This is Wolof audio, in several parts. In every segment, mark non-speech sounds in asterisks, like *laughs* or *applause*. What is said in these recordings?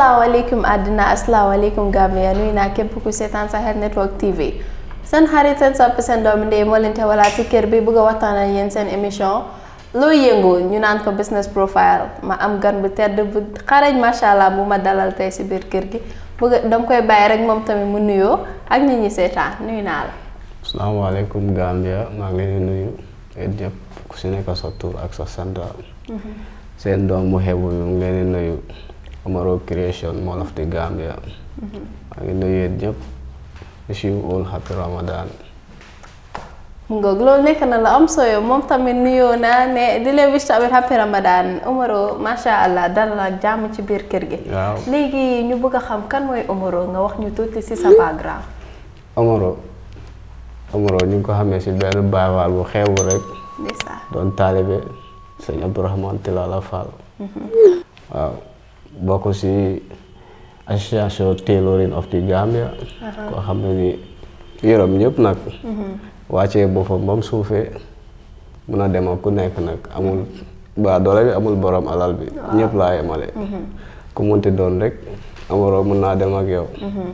asalaamaaleykum àddina asalaamaaleykum Gambia nuyu naa képp ku seetaan Sahel Network TV seen xarit seen sopp seen doomu ndey moo leen kër bi bëgg a waxtaan ak émission loo yëngu ñu naan ko business profile ma am gan bu tedd bu macha allah bu ma dalal si biir kër gi bëgg koy bàyyi rek moom tamit mu nuyoo ak nit ñi seetaan nuyu naa la. asalaamaaleykum nuyu yéen sa tur ak sa sant. Mm-hmm. seen doom mu xeebu bi leen nuyu. Omaro Creation Mall of the Gambia. Mm-hmm. maa ngi nuyu nekk na la am sooyo moom tamit nuyoo naa ne di wish tamit happy Ramadan Omaro macha allah dal la jàmm ci biir kër gi. léegi ñu bëgg a xam kan mooy Omaro nga wax ñu tuuti si sa background. Omaro Omaro ñu ko xamee si benn baawaal bu xew rek. doon taalibe sëñ Abdourahmane Tilala Fall. Mm-hmm. waaw. bokk si association tailoring of the Gambia. Uh-huh. koo xam ne ni yërëm ñëpp nag. Mm-hmm. wàcce boppam ba suufee mun a dem ak ku nekk nag amul ba doole bi amul borom alal bi. ñëpp laa yemale. Mm-hmm. ku munti doon rek amaroo mun naa dem ak yow. Mm-hmm.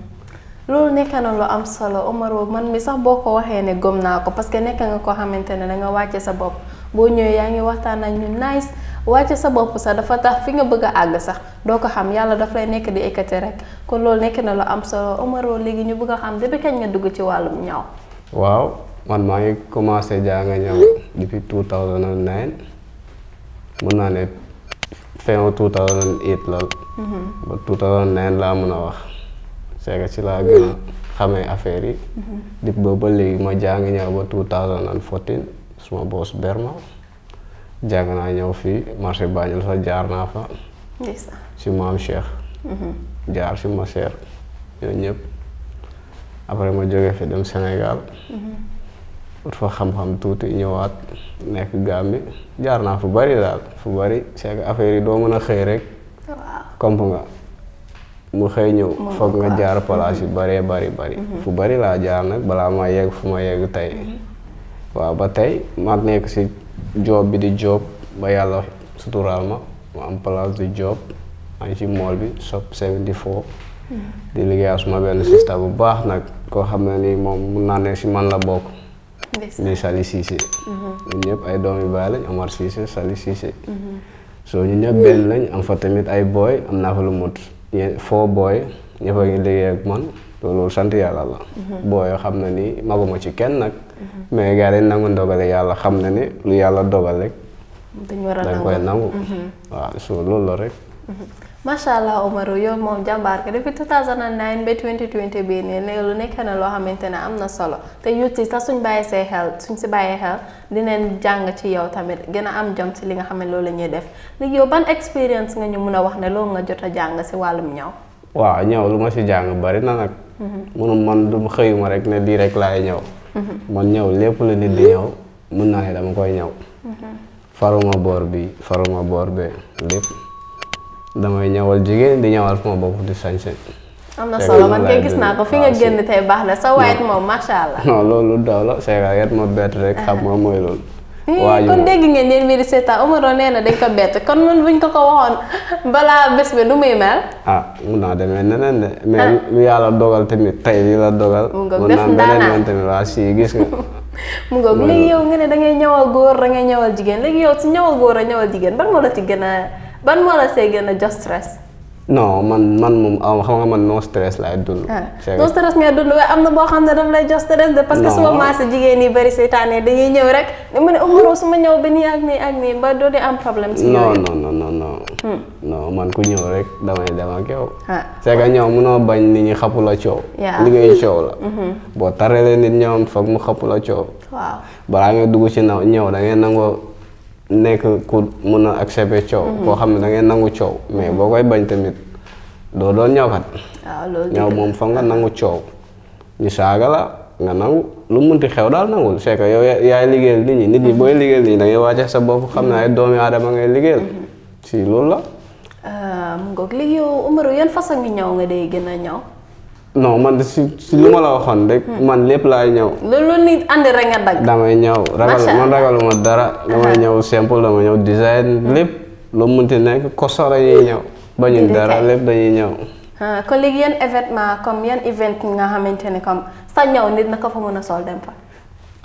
loolu nekk na lu am solo Omaro man mi sax boo ko waxee ne gëm naa ko parce que nekk nga koo xamante ne danga wàcce sa bopp. bo ñëwee yaa waxtaan ak ñu nice wacce sa bop sa dafa tax fi nga bëgg ag sax do ko xam yalla daf lay nekk di ekkate rek kon lool nekk na lo am solo Omaro legi ñu bëgg xam depuis kañ nga dugg ci ñaw. waaw man ma ngi commencé ñaw depuis 2009 mën na né fin 2008 la. ba 2009 la mën a wax. c'est ci la gëna xamé affaire yi. depuis bo ba ma jàng ñaw ba 2014 suma bos berma jangan hanya ñëw masih banyak saja fa si maam Cheikh mhm. jar si Masir ya, nyep apa yang mau jaga film Senegal dem mhm. Sénégal ut fa xam-xam tuuti ñëwaat nekk Gambie jaar naa mhm. fu bari daal afiri bari mana mu nga jaar place bari bari fu bari la jaar nag balaa ma yegg fu ma yegg tey waaw ba tey ma nekk si job bi di job ba yàlla suturaal ma mu am place di job maa ngi ci mool bi shop 74. Hmm. di liggéeyaat suma benn sista bu baax nag koo xam ne nii moom mun naa nekk si man la bokk. di Sali Cissé. Hmm. ñun ñëpp ay doomi baay lañ Amar Cissé Sali Cissé. Hmm. soo ñun ñëpp benn lañ am fa tamit ay booy am naa fa lu mut ñe foo booy ñëpp ngi liggéey ak man loolu sant yàlla la. booy yoo xam ne nii maguma ci kenn nag. mais gars yi dañ ndogale yàlla xam na ne lu yàlla dogal rek. dañ war a nangu dañ koy mhm. waaw so loolu la rek. Mhm. macha allah Omaro yow moom jàmbaar ko depuis 2009 ba 2020 bii nii ne lu nekk loo xamante ne am na solo te youth sax suñ bàyyi see xel suñ si bàyyi xel neen jàng ci yow tamit gën a am jom li nga xam ne loolu la def léegi yow ban expérience nga ñu mun a wax ne loolu nga jot a jàng si wàllum ñaw. waaw ñaw lu ma si jàng bari na nag. Mhm. munu man du xëyuma rek ne lii rek laay ñaw. man ñëw lépp lu nit di ñëw mën naa ne dama koy ñaw faruma boor bi faruma boor be lépp damay ñëwal jigéen di ñëwal fu ma bopp di sañse am na solo man kay gis naa ko fi nga génn tey baax na sa waayet moom macha allah. loolu daw la c'est yet ma bett rek *laughs* xam nga mooy loolu. Mm, waaw kon dégg ngeen mii mbiri seetaan Omaro nee na dañ ko bett kon bu buñ ko ko waxoon *laughs* balaa bés bi du muy mel. ah mun naa demee neneen de. mais ah. lu yàlla dogal tamit tey li la dogal. mu nga def beneen yoon tamit waa si gis nga. *laughs* mu ngoog léegi yow nga ne da ngay ñëwal góor da ngay ñëwal jigéen léegi yow si ñëwal góor a ñëwal jigéen ba moo la ci gën a ban moo la see gën a jox stress. no man man moom xam nga man no stress laay dund. no stress nga dund way amna bo xamne xam lay jox stress de. parce que suma maas jigen ni bari setané dañuy ñew rek. ni ne o su suma ñew ba nii ak nii ak ni ba do di am problème. ci yoy non non non non non. non man ku ñew rek damay dem ak yow. c'est que ñew mëno bañ ni ñi xapu la ciow li ngay ciow la. bo taré le nit ñoom foog mu xapu la ciow waaw ba nga dugg ci ñew da ngay nango nek ku mën a accepter coow. Mhm. koo xam ne da ngay nangu coow mais boo koy bañ tamit do doon ñawkat. waaw ah, loolu ñaw mom fa nga nangu coow ñu saaga la nga nangu lu munti xew dal nangul c'est que yow ya-, yaay liggéeyal nit ñi nit ñi mhm. boy liggéeyal ni da ngay wàcce sa bopp xam ay mhm. doomi adam ngay liggéeyal. ci lool la. euh mu ngoog léegi yow Umaru yan façon ngi ñaw nga day gëna ñaw no man si si lu hmm. la waxon rek e man lepp lay ñew. Lolu nit ànd rek nga dag. damay ñew, ragal man ragaluma dara. dama ñew simple dama ñew design hmm. lo lu nek ko koso dañuy ñew bañu dara lepp dañuy ñew. Ha, léegi yeen événement comme yeen event nga xamantene comme sa ñew nit naka fa mëna sol dem fa.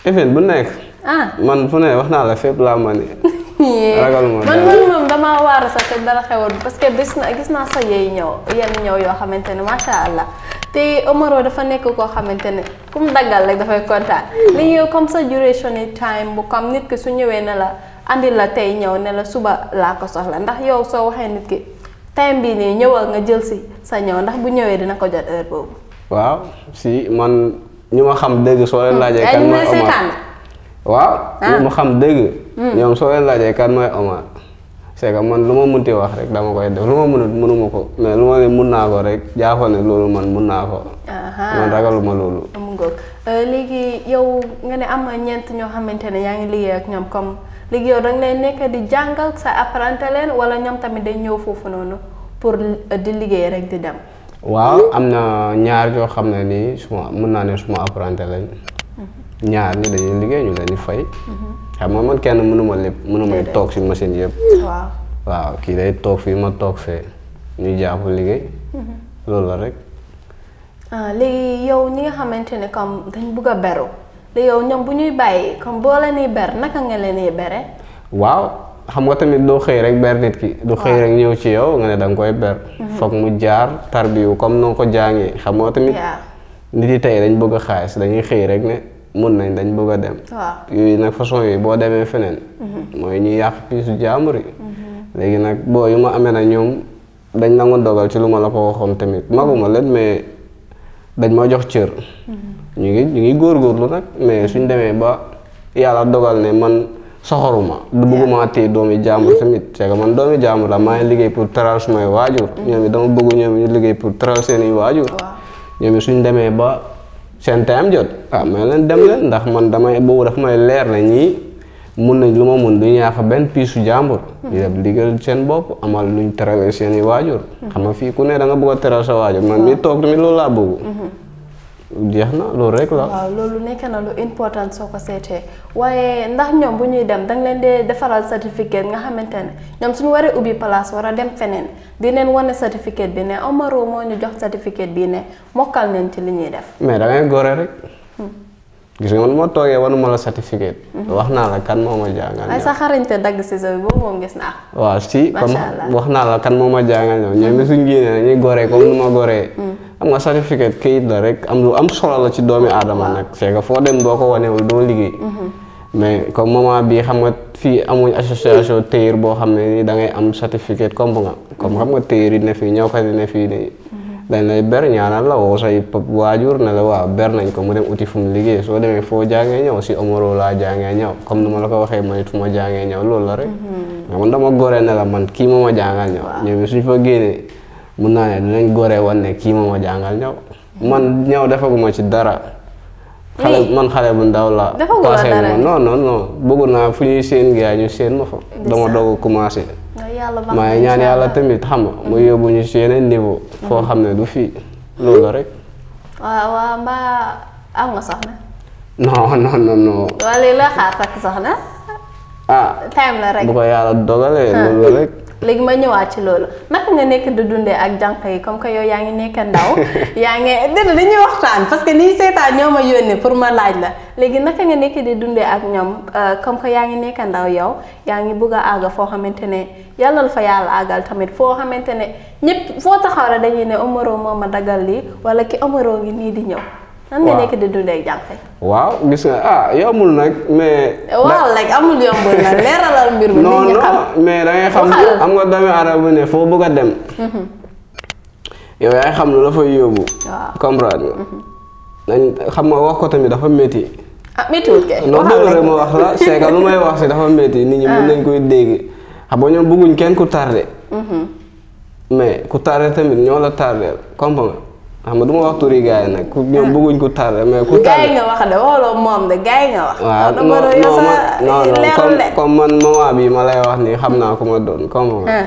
event bu nek. ah man fu ne wax na la fepp la mané. *laughs* Ragal dara man man mom dama waaru sa te dara xewoon parce que gis naa gis sa yeey ñew yeen ñew yo xamantene ma sha allah. te Omaro dafa nekk koo xamante ne ku mu daggal rek dafay kontaan li ñuy comme sa duration time bu comme nit ki su ñëwee ne la andi la tey ñëw ne la suba laa ko soxla ndax yow soo waxee nit ki time bii nii ñëwal nga jël si sa ñëw ndax bu ñëwee dina ko jot heure boobu. waaw si man ñu ma xam dëgg soo leen hmm. laajee. waaw ñu ah. xam dëgg. Hmm. ñoom soo leen laajee kan mooy Omar. c'est que man lu ma munti wax rek dama koy def lu ma mënut mënuma ko mais lu ma ne mun naa ko rek jaaxal ne loolu man mun naa ko. man ragaluma loolu. mu ngoog euh, léegi yow nga ne am na ñeent ñoo xamante ne yaa ngi liggéey ak ñoom comme léegi yow da nekk di jàngal sa apprenti wala ñoom tamit day ñëw foofu noonu pour euh, di liggéey rek di dem. waaw am na ñaar yoo xam ne nii suma mun naa ne suma apprenti lañ. Mhm. ñaar ñi dañuy liggéey ñu leen fay. Mhm. xam nga man kenn mënuma lépp mënumay toog si machine yëpp. waaw waaw kii day toog fii ma toog fee ñu jàpp liggéey. loolu la rek. ah léegi yow ñi nga xamante ne comme dañ bugg a beru léegi yow ñoom bu ñuy bàyyi comme boo leen ber naka nga leen di bere. waaw xam ber nit ki. du xëy rek ñëw ci yow nga ber. Eh? Mhm. foog mu jaar tarbiyu comme noo ko jàngee xam nga tamit. nit yi tey dañ bëgg a xaalis dañuy ne mën nañ dañ bëgg a dem. waaw yooyu nag façon yooyu boo demee feneen. Mhm. mooy ñu yàq piisu jaambur yi. Mhm. léegi nag boo yu ma amee na ñoom dañ nangu dogal ci lu ma la ko waxoon tamit maguma leen mais dañ ma jox cër. Mhm. ñu ngi ñu ngi góorgóorlu nag mais suñ demee ba yàlla dogal ne man soxoruma du bëgguma téye doomi jaambur tamit c'est que man doomi jaambur la maa ngi liggéey pour teral sumay waajur. ñoom it dama bëgg ñoom ñu liggéey pour teral seeni waajur. ñoom it suñ demee ba sen tam jot ah mais leen dem len ndax man damay bo daf may leer ne ni mun nañ luma ma mun du ñaaxa ben pisu jambur di def liggéeyal sen bop amal luñ traverser ni wajur xam mhm. ku ne da nga bëgg traverser wajur man mi tok tamit lo la bëgg jeexna ah, lo rek la waaw loolu nekk kan na lu important soko sété waye ndax ñom bu ñuy dem leen dé defaral certificate nga xamantene ñom suñu palas ubi place wara dem fenen di leen certificate bi né Omaro mo ñu jox certificate bi mokal mokkal neen ci li ñuy def mais da ngay e goré rek hmm. gis nga mo togué ya, wonu mala certificate hmm. wax nalakan la kan moma jangal ay sa xarañte dag ci sa bo moom gis na waaw si comme wax naa la kan moma jangal ñom ñoom suñu gi né ñi goré ko ma am nga certificate kayit la rek am lu am solo la ci doomi adama nak c'est que fo dem boo ko wul do liggéey mhm. mais comme moment bi xam nga fi amuñ association téyir bo xam ni da ngay am certificate comme nga comme xam nga téyir yi ne fii ñëw kat yi ne fii nii mhm. dañ lay ber ñaanal la wo say wajur na la wa ber nañ ko mu dem uti fu mu so soo demee foo jàngee si omoro la jangé ñëw comme ni la ko waxé man fuma fu ma jàngee ñëw loolu la rek mhm. man dama goré na la man ki moo ma jàngal ñëw ñoom suñ fa génnee mun naa ya, ne dinañ góore woon ne ya, kii moom a jàngal ñëw man ñëw defaguma ci dara xale man xale bu ndaw la passé ma non non non bëggu naa fu ñuy seen gaa ñu seen ma fa dama doog commencé maa ngi ñaan yàlla tamit xam mu yóbbu ñu si yeneen niveau foo xam mm. ne du fii loolu rek waaw waaw mba am nga soxna non non non non wala la xaar takk soxna ah time la rek bu ko yàlla ya dogalee loolu rek léegi ma ñëwaat ci loolu naka nga nekk di dundee ak jànq yi comme que yow yaa ngi nekk ndaw *laughs* yaa ngi déedéet dañuy waxtaan parce que nii seetaan ñoo ma yónnee pour ma laaj la léegi naka nga nekk di dundee ak ñoom euh, comme que yaa ngi nekk ndaw yow yaa ngi bugg a àgg foo xamante ne yàlla fa yàlla àggal tamit foo xamante ne ñëpp foo taxaw rek dañuy ne Omaro moo ma dagal lii wala ki Omaro ngi nii di ñëw. waaw gis nga ah, yombul nag mais. waaw léegi amul yombul nag *laughs* leeralal mbir mi. non non xam am nga doomi arab ne foo bëgg a dem. Mm-hmm. yow yaay xam lu la fa yóbbu. waaw comprendre nga. Mm-hmm. xam nga wax ko tamit dafa métti. ah méttiwul kay. non dëgg *laughs* dafa métti nit ñi mën ah. nañ koy dégg xam nga ñoom bëgguñ kenn ku tardé. Mm-hmm. mais ku tardé tamit ñoo la tardé comprendre xam nga du ma wax tur nag. ñoom ah. bëgguñ ko tardé mais ku tardé. gars yi nga wax de waxuloo moom de gars yi wax. waaw non non non comme comme man moment bii ma lay wax nii xam naa ku ma doon comme. Ah.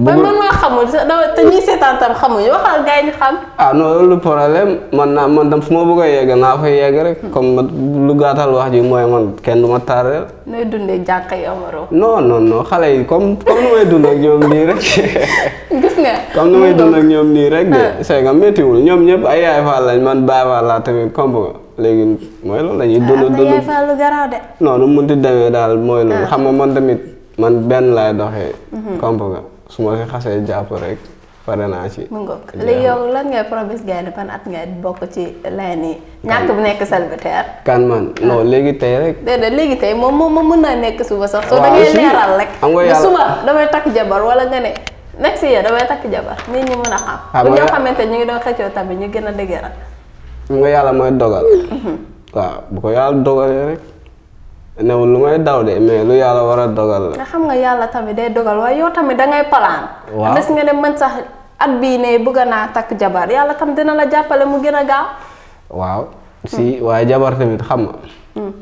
man maa xamul te ñuy seetaan tam xamuñu waxal gars yi ñu xam. ah non loolu problème man naa man tam fu ma bëgg a yegg naa fay yegg rek. Hmm. comme lu gàttal wax ji mooy man kenn du ma tardeel. nooy non non non xale comme comme nu may dund ak ñoom dund de. c'est hmm. que méttiwul ñoom ñëpp ay yaay faal lañ man baay faal laa tamit comme léegi lu hmm. xam nga man tamit man semuanya kasih aja rek pada nasi. Munggu, Leo iya, ulan nggak promise gak depan at nggak boku ci leni. Kan. Nyakup nek kesal beter. Kan man, no nah. legi gitu terek. Ya, Dede legi gitu te, ya. mau mau mau mau nek kesuba so. So tadi ini ralek. Anggo ya. Kesuba, dapat tak jabar walau nggak nek. Next year, dapat tak jabar. Nih nih mana kap. Kunjung kami tanya nih dong kacau tapi nih gimana degar. Anggo ya lama dogal. Kak, buku mhm. ya dogal ya rek newul lu ngay daw de mais lu yalla wara dogal la. xam nga yalla tamit day dogal way yo tamit da ngay plan waaw nga ne man sax at bi ne bëgana tak jabar yalla tam dina la jàppale mu gëna gaaw. waaw si way jabar tamit xam nga. Hmm.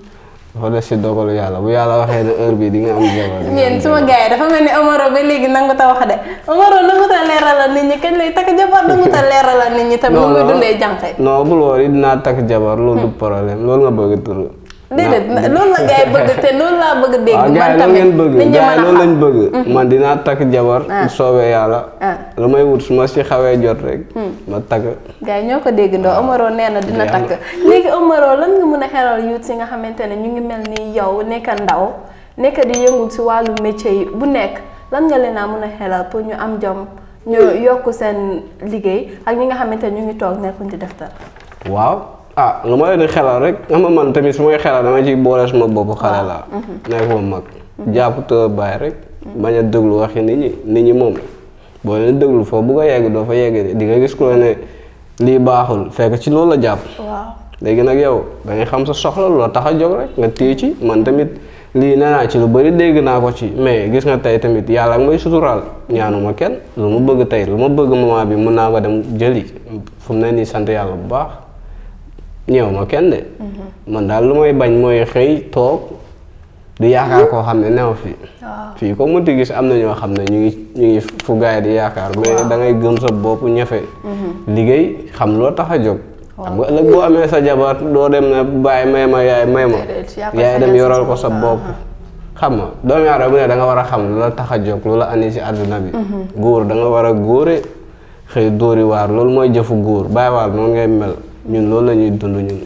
dafa des si dogalu yalla bu yalla waxee ne heure bi di nga am jabar. ñeen suma gaay dafa melni Omaro ba léegi nangu ta wax de Omaro nangu ta leeralal nit ñi kañ lay tak jabar nangu ta leeralal nit ñi. tam lu muy dundee non bu dina tak jabar du hmm. problème nga bëgg tur déedéet nah. loolu *laughs* ah, nah. ah. ya hmm. ah. la gars yi bëgg te loolu laa bëgg a dégg. man tamit nit ñi mën a xam loolu lañ bëgg. man dinaa takk jabar. bu soobee yàlla. lu may wut su ma si xawee jot rek. ma takk. gars yi dégg ndoo Omaro nee dina takk léegi Omaro lan nga mën a xelal yuut nga xamante ñu ngi mel yow nekk ndaw nekk di yëngu si wàllu métier bu nek. lan nga leen a mën a xelal pour ñu am jom ñu hmm. yokk seen liggéey ak ñi nga xamante ñu ngi toog nekkuñ di def waaw ah lu ma leen di xelal rek xam man tamit moy xelal dama ci boole suma bopp xale la mhm. nekk ma mag mhm. jàpp te rek mhm. baña a wax ni ni ni ni mom bo boo leen déglu foofu bu ko yegg do fa yegg di nga gis ko ne li baxul fek ci lolu la waaw legi nak yow da ngay xam sa soxla lo tax jog rek nga tey ci man tamit li nee naa ci lu bari deg na ko ci mais gis nga tay tamit yalla ngoy sutural ñaanuma kenn lu mu bëgg tay lu mu bëgg moment bi mën naa ko dem jëli fu ne nii bu baax ñew ma kenn de man dal lu may bañ moy xey tok di yaakar ko xamne neew fi fii ko mënti gis amna ah. ño xamne ñu ngi ñu ngi fu gaay di yaakar mais da ngay gëm sa bop ñafé mhm. liggéey xam lo taxa jog xam nga ëlëk bo amé sa jabar do dem na bay may ma yaay may ma yaay dem yoral ko sa bop ah. xam nga da nga war xam lo taxa jog la si bi goor da nga war a xey mhm. doori war waar moy jëfu goor bay war non ngay mel ñun loolu la ñuy dund ñun.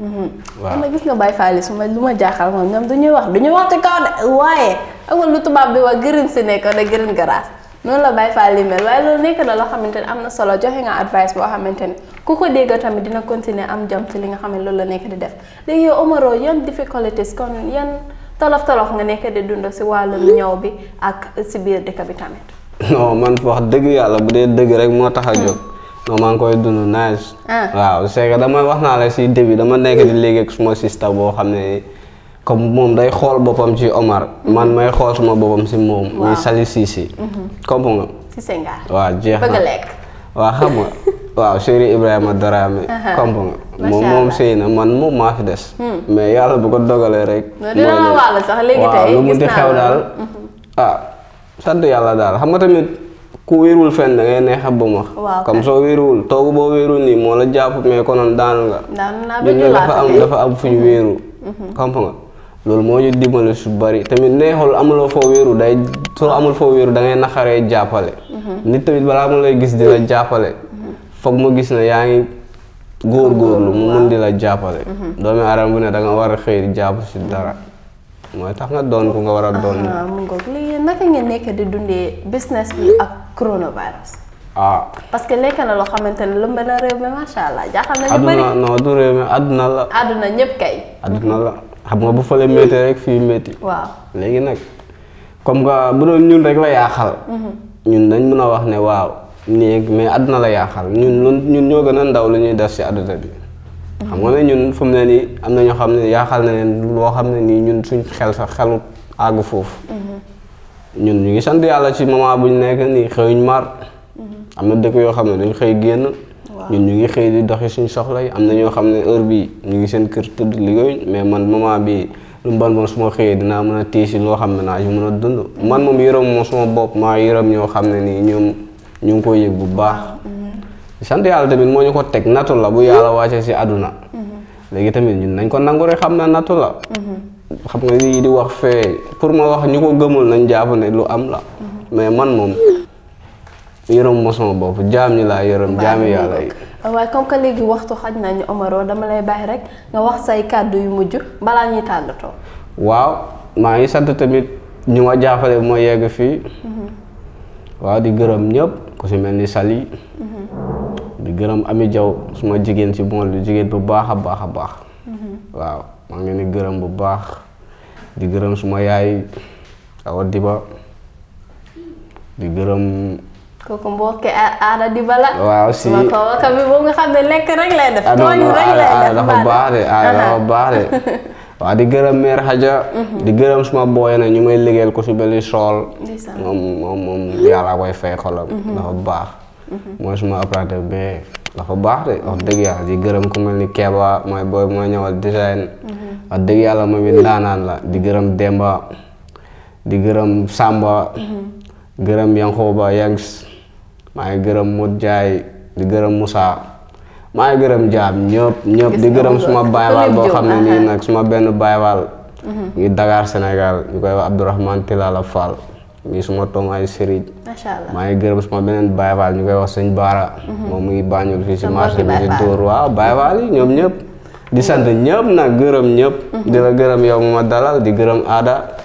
Mhm. waaw man gis nga Baye Fall su ma lu ma jaaxal moom ñoom du ñuy wax du ñuy wax ci kaw de waaye amul lu tubaab bi wax green si nekk da green grass noonu la Baye Fall li mel waaye loolu nekk na loo xamante ne am na solo joxe nga advice boo xamante ne ku ko dégg tamit dina continuer am jam si li nga xam ne loolu la nekk di def léegi yow Omaro yan difficultés kon yan tolof tolof nga nekk di dund si wàllum ñëw bi ak si biir dëkk bi tamit. non man wax dëgg yàlla bu dee dëgg rek moo tax a jóg. Hmm. non maa ngi koy dund nice. Ah. waaw c'est que dama wax naa la si début dama nekk di léegi ak suma sista boo xam ne comme moom day xool boppam si Omar man mhm. may xool suma si moom. Sali Cissé. komp mhm. nga. jeex na bëgg Ibrahima Darame. komp *laughs* nga. moom na man moom maa fi des. Hmm. mais yàlla bu ko dogalee rek. dina ma lu mu di xew daal mhm. ah sant yàlla daal xam nga tamit. ku wéerul fenn da ngay ba ma. comme soo wéeruwul toogu boo wéerul nii moo la jàpp mais konoon daanu nga. daanu dafa am dafa am fu ñu mm-hmm. wéeru. Mm-hmm. xam nga loolu moo ñu dimbale su bari tamit neexul amuloo foo wéeru day soo amul foo wéeru da ngay naxaree jàppale. Mm-hmm. nit tamit balaa mu lay gis dina jàppale. foog mu gis ne yaa ngi góor góorlu mu mun di la jàppale. doomi aadama bu ne da war a xëy jàpp si dara. mooy tax nga doon ku nga war a ah, doon. Ah, mu ngoog léegi naka ngeen nekk di dundee business bi ak coronavirus. ah parce que lekk na loo xamante ne lëmb na réew allah jaaxal na àdduna réew mi àdduna la. àdduna ñëpp kay. àdduna la xam nga bu fële métti rek fii métti. waaw léegi nag comme nga bu doon ñun rek la yaaxal. Mhm. ñun dañ mën a wax ne waaw. nii mais àdduna la yaaxal ñun ñun ñoo gën a ndaw lu ñuy def si àdduna bi. xam nga ne ñun fu mu ne nii am na ñoo xam ne yaaxal na leen loo xam ne nii ñun suñ xel sax xelu àgg foofu. Mm-hmm. ñun ñu ngi sant yàlla ci moment bu ñu nekk nii xëyuñ mar. Mm-hmm. am na dëkk yoo xam ne dañ xëy génn. ñun ñu ngi xëy di doxi suñ soxla am na ñoo xam ne heure bii ñu ngi seen kër tëdd liggéeyuñ mais man moment bii lu mu bon su ma xëyee dinaa mën a téye si loo xam ne naa si mën a dund. man moom yërëm moom suma bopp maa yërëm ñoo xam ne nii ñoom ñu ngi koy yëg bu baax. sant yalla tamit moñu ko tek nattu la bu yalla wacce ci aduna mhm. legi tamit ñun nañ ko nangu rek xam na la mhm. xam nga lii di wax fe pour ma wax ñuko gëmul nañ jàpp ne lu am la mhm. mais man mom yërëm mo sama bop jaam ñi la yërëm jaam yalla yi way comme que legi waxtu xaj nañ Omaro dama lay bay rek nga wax say cadeau yu mujj bala ñi tagato waaw ma ngi sant tamit ñu ma jaafale mo yegg fi waaw di gërëm ñëpp ko ci melni Sali gërëm ami jaw suma jigen ci bon lu jigen bu baax a baax hmm waaw ma ngi ni di gërëm bu baax di gërëm suma yaay awa diba di gërëm kooku mbokke aada di bala waaw si ma ko wax bi bo nga xam lek rek lay def tooñ rek lay def dafa baax de aada dafa baax de waaw di gërëm mère Hadja di gërëm suma booy na ñu may liggéeyal ko su beli sol mom mom mom yaala koy fay xolam mm-hmm. dafa baax moy mm-hmm. suma opérateur bi dafa bax de wax dëgg yàlla di gërëm ku melni Keba moy boy mooy ñëwal design wax dëgg yàlla moom it la di gërëm Demba di gërëm Samba gërëm Yankoba Yanks yang, ngi gërëm Modou di gërëm musa, may ngi jam nyop ñëpp ñëpp di gërëm oh, suma oh, baaywaal oh, bo xam ni uh-huh. nak suma benn baaywaal ñi mm-hmm. Dakar Sénégal ñukoy wax Abdourahmane Tilala Fall ñi suma tom ay sëriñ maa may gërëm suma beneen bayival ñu koy wax sëñ bara mhm. moom muy bañul fi ci marché bi di dóor waaw bayival yi ñom ñep di mhm. sant ñep nag gërëm ñep mhm. di la gërëm yow ma dalal di gërëm ada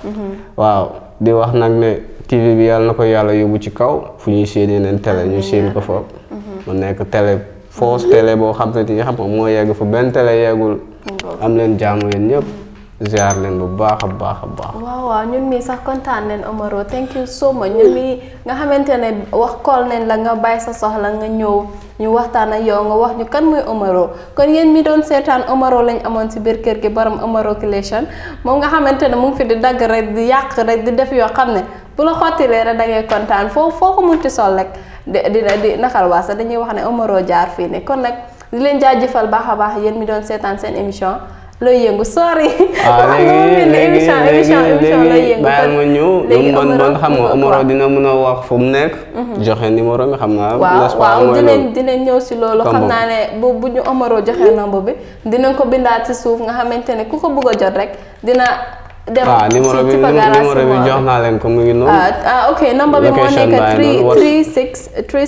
waaw di wax nak ne TV bi yalla nako yalla yobu ci kaw fu ñuy séen nen télé ñu séen ko fa mu nekk télé fausse télé bo xamanteni ne xam mo yegg fu ben télé yegul am len jaamu yeen ñep ziar leen bu baax a baax a baax. waaw waaw ñun mii sax kontaan leen Omaro thank you so much ñun mii nga xamante ne wax kool nañ la nga bàyyi sa soxla nga ñëw ñu waxtaan ak yow nga wax ñu kan mooy Omaro kon yéen mi doon seetaan Omaro lañ amoon si biir kër gi borom Omaro Creation moom nga xamante ne mu ngi fi di dagg rek di yàq rek di def yoo xam ne bu la xottilee rek da kontaan foo foo ko munti sol rek di di di naxal waasa dañuy wax ne Omaro jaar fii ne kon nag di leen jaajëfal baax a baax yéen mi doon seetaan seen émission. looy yëngu sori. waaw léegi léegi léegi bàyyil ma ñëw. léegi bon bon xam nga Omaro dina mën a wax fu nekk. joxe numéro bi xam naa. n'est-ce waaw waaw ñëw si loolu. xam naa ne bu bu ñu Omaro joxe nombre bi. dinañ ko bindaat si suuf nga xamante ne ku ko bëgg a jot rek dina. dem ci ci Pagara numéro bi numéro bi jox naa leen ko mu ngi noonu. ah ok number bi moo nekk 3 3 6 3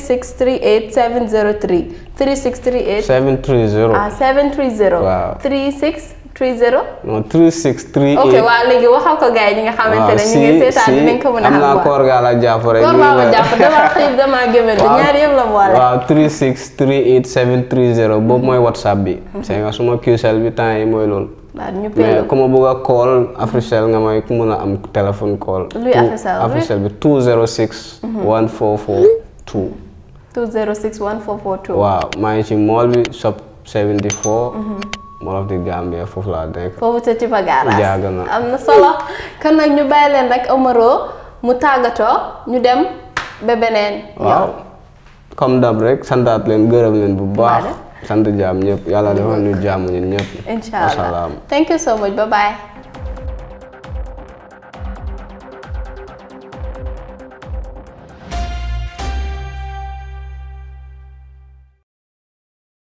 6 38 703 3 6 38. 730 ah 730. waaw 36. three zero. non three six three eight. ok waaw léegi waxal ko gars yi ñi nga xamante ne ñu ngi seetaan dinañ ko mën a. am naa koor gaa la jàpp rek. koor gaa la jàpp damaa xiif damaa gëmën. *laughs* waaw ñaar yëpp la boole. waaw three six three eight seven three zero boobu mooy mhm. whatsapp bi. c'est mhm. nga suma QCell bi temps yi mooy loolu. waaw ñu pay mais ku ma bëgg a call Africell nga may ku mën a am téléphone call. luy Africell bi Africell mhm. bi two zero six. one four four two. two zero six one four four two. waaw maa ngi ci mall bi shop seventy four. Mall of the Gambia foofu laa nekk. foofu ca Ciba Garage jaaga na am na solo kon nag ñu bàyyi leen rek Omaro mu tàggatoo ñu dem ba beneen. waaw comme dab rek santaat leen gërëm leen bu baax. sant jaam ñëpp yàlla defal ñu jaamu ñun ñëpp. incha allah thank you so much bye bye.